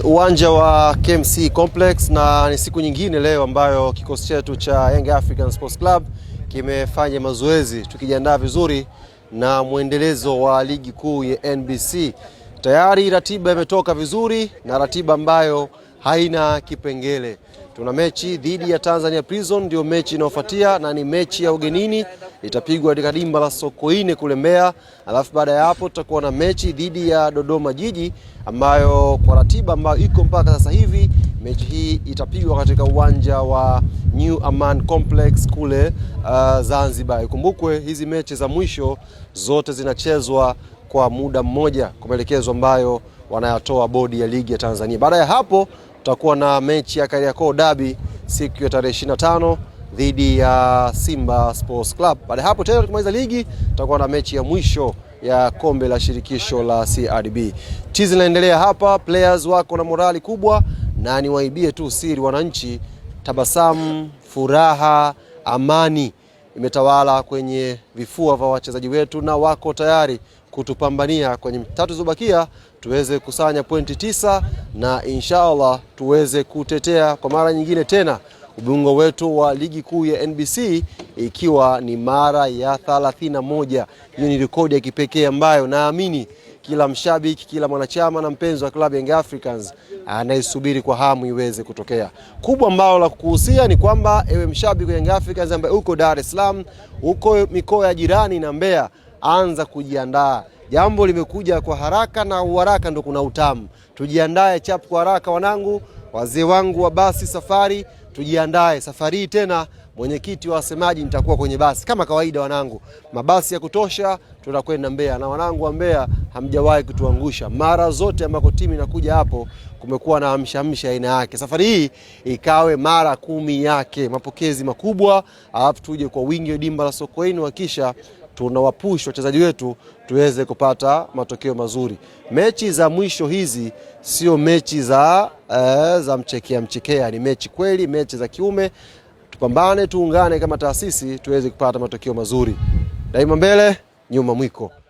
uwanja wa KMC Complex na ni siku nyingine leo ambayo kikosi chetu cha Young African Sports Club kimefanya mazoezi tukijiandaa vizuri na mwendelezo wa ligi kuu ya NBC. Tayari ratiba imetoka vizuri na ratiba ambayo haina kipengele. Tuna mechi dhidi ya Tanzania Prison, ndio mechi inayofuatia na ni mechi ya ugenini itapigwa katika dimba la Sokoine kule Mbeya, alafu baada ya hapo tutakuwa na mechi dhidi ya Dodoma Jiji ambayo kwa ratiba ambayo iko mpaka sasa hivi mechi hii itapigwa katika uwanja wa New Aman Complex kule uh, Zanzibar. Ikumbukwe hizi mechi za mwisho zote zinachezwa kwa muda mmoja kwa maelekezo ambayo wanayatoa bodi ya ligi ya Tanzania. Baada ya hapo tutakuwa na mechi ya Kariakoo dabi siku ya tarehe 25 dhidi ya Simba Sports Club. Baada hapo tena tukimaliza ligi tutakuwa na mechi ya mwisho ya kombe la shirikisho la CRB. Tizi linaendelea hapa, players wako na morali kubwa, na niwaibie tu siri wananchi, tabasamu, furaha, amani imetawala kwenye vifua vya wachezaji wetu, na wako tayari kutupambania kwenye tatu zilizobakia tuweze kusanya pointi tisa na inshallah tuweze kutetea kwa mara nyingine tena ubingwa wetu wa ligi kuu ya NBC ikiwa ni mara ya 31. Hiyo ni rekodi ya kipekee ambayo naamini kila mshabiki, kila mwanachama na mpenzi wa klabu Young Africans anayesubiri kwa hamu iweze kutokea. Kubwa ambalo la kukuhusia ni kwamba ewe mshabiki wa Young Africans ambaye uko Dar es Salaam, uko mikoa ya jirani na Mbeya, anza kujiandaa. Jambo limekuja kwa haraka na uharaka ndo kuna utamu. Tujiandae chap kwa haraka wanangu, wazee wangu wa basi safari tujiandae safari hii tena. Mwenyekiti wa wasemaji, nitakuwa kwenye basi kama kawaida, wanangu, mabasi ya kutosha, tutakwenda Mbeya na wanangu wa Mbeya hamjawahi kutuangusha. Mara zote ambako timu inakuja hapo kumekuwa na hamshamsha aina yake. Safari hii ikawe mara kumi yake, mapokezi makubwa, alafu tuje kwa wingi wa dimba la Sokoine wakisha tunawapush wachezaji wetu tuweze kupata matokeo mazuri. Mechi za mwisho hizi sio mechi za, eh, za mchekea mchekea, ni mechi kweli, mechi za kiume. Tupambane, tuungane kama taasisi tuweze kupata matokeo mazuri. Daima mbele, nyuma mwiko.